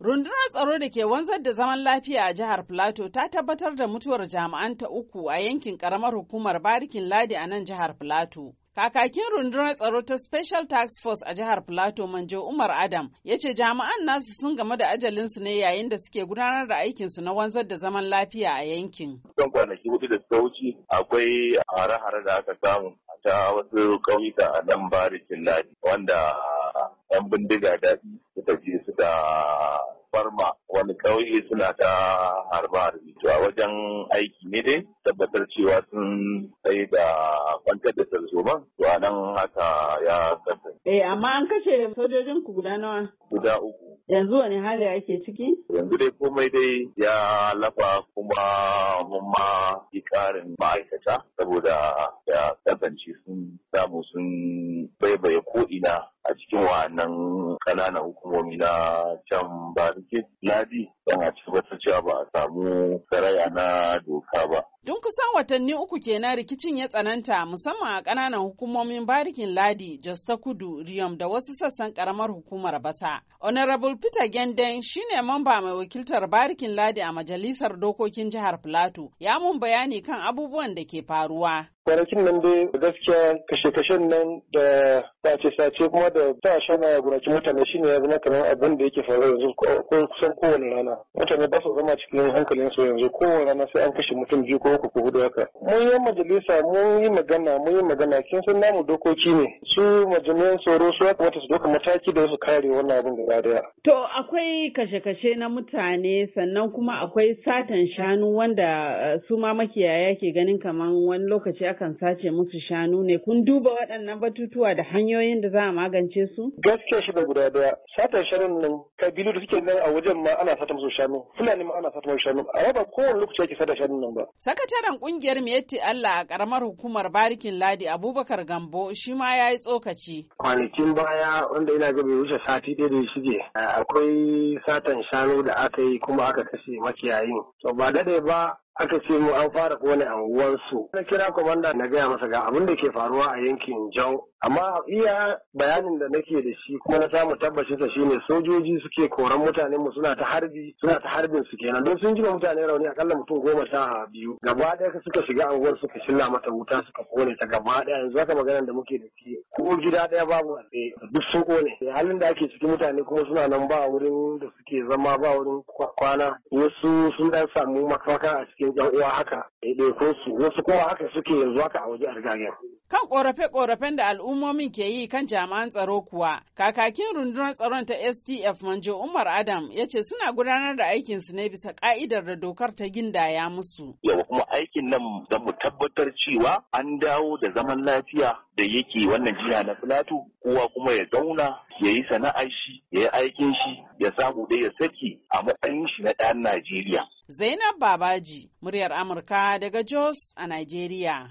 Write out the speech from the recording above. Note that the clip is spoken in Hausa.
Rundunar tsaro da ke wanzar da zaman lafiya a jihar Filato ta tabbatar da mutuwar jami'an ta uku a yankin karamar hukumar Barikin Ladi a nan jihar Filato. Kakakin rundunar tsaro ta Special Task Force a jihar Filato Manjo Umar Adam ya ce jami'an nasu sun game da ajalinsu ne yayin da suke gudanar da aikinsu na wanzar da zaman lafiya a yankin. Kan kwanaki hudu da suka akwai hare-hare da aka samu ta wasu ƙauyuka a nan Barikin Ladi wanda 'yan bindiga da suka je suka farma wani ƙauye suna ta harba harbi to a wajen aiki ne dai tabbatar cewa sun sai da kwantar da tarzoma to a nan haka ya kasance. Eh amma an kashe sojojin ku guda nawa? Guda uku. Yanzu wani hali ake ciki? Yanzu dai komai dai ya lafa kuma mun ma yi ƙarin ma'aikata saboda ya kasance sun samu sun baibaye ko'ina a cikin wa'annan ƙananan hukumomi na can ba barike ladi don a tabbatar cewa ba a samu karaya na doka ba. Dun kusan watanni uku kenan rikicin ya tsananta musamman a ƙananan hukumomin barikin ladi Jos ta kudu Riyom da wasu sassan ƙaramar hukumar basa. Honorable Peter Genden shine mamba mai wakiltar barikin ladi a majalisar dokokin jihar Plateau ya mun bayani kan abubuwan da ke faruwa. kwanakin nan dai gaskiya kashe-kashen nan da sace-sace kuma da ta shana gonakin mutane shine ya zama kamar abin da yake faru yanzu ko kusan kowane rana mutane ba su zama cikin hankalin su yanzu kowane rana sai an kashe mutum biyu ko uku ko hudu haka mun yi majalisa mun yi magana mun yi magana kin san namu dokoki ne su majalisar tsoro su ya kamata su doka mataki da su kare wannan abin gaba daya to akwai kashe-kashe na mutane sannan kuma akwai satan shanu wanda eh, su ma makiyaya ke ganin kamar wani lokaci Kan sace musu shanu ne kun duba waɗannan batutuwa da hanyoyin da za a magance su? Gaskiya shi bai guda daya satar shanun nan kabilu da suke nan a wajen ma ana sata musu shanu fulani ma ana sata musu shanu a ba kowane lokaci ake sata shanun nan ba. Sakataren kungiyar Mietti Allah a karamar hukumar Barikin Ladi Abubakar Gambo shi ma ya yi tsokaci. Kwanakin baya wanda ina ga bai wuce sati ɗaya da shige akwai satan shanu da aka yi kuma aka kashe makiyayin. To ba daɗe ba aka ce mu an fara kone anguwansu na kira kwamandan. na gaya masa ga abin da ke faruwa a yankin jau amma iya bayanin da nake da shi kuma na samu tabbacinsa shine sojoji suke koran mutanen mu suna ta harbi suna ta harbin su kenan don sun jima mutane rauni akalla mutum goma sha biyu gaba ɗaya suka shiga anguwar suka shilla mata wuta suka kone ta gaba ɗaya yanzu haka maganar da muke da ke ko gida ɗaya babu a duk sun kone halin da ake ciki mutane kuma suna nan ba wurin da suke zama ba wurin kwana wasu sun dan samu makamaka a cikin yan uwa haka ɗaiɗaikun su wasu kuma haka suke yanzu haka a waje a rigagen Kan ƙorafe-ƙorafen da al'ummomin ke yi kan jami'an tsaro kuwa, kakakin rundunar tsaron ta STF Manjo Umar Adam ya ce suna gudanar da aikinsu ne bisa ƙa'idar da dokar ta gindaya musu. Yau kuma aikin nan da mu tabbatar cewa an dawo da zaman lafiya da yake wannan jiha na Filato, kowa kuma ya zauna ya yi sana'a shi, ya yi aikin shi, ya samu dai ya saki a matsayin shi na ɗan Najeriya. Zainab Babaji, muryar Amurka daga Jos a Najeriya.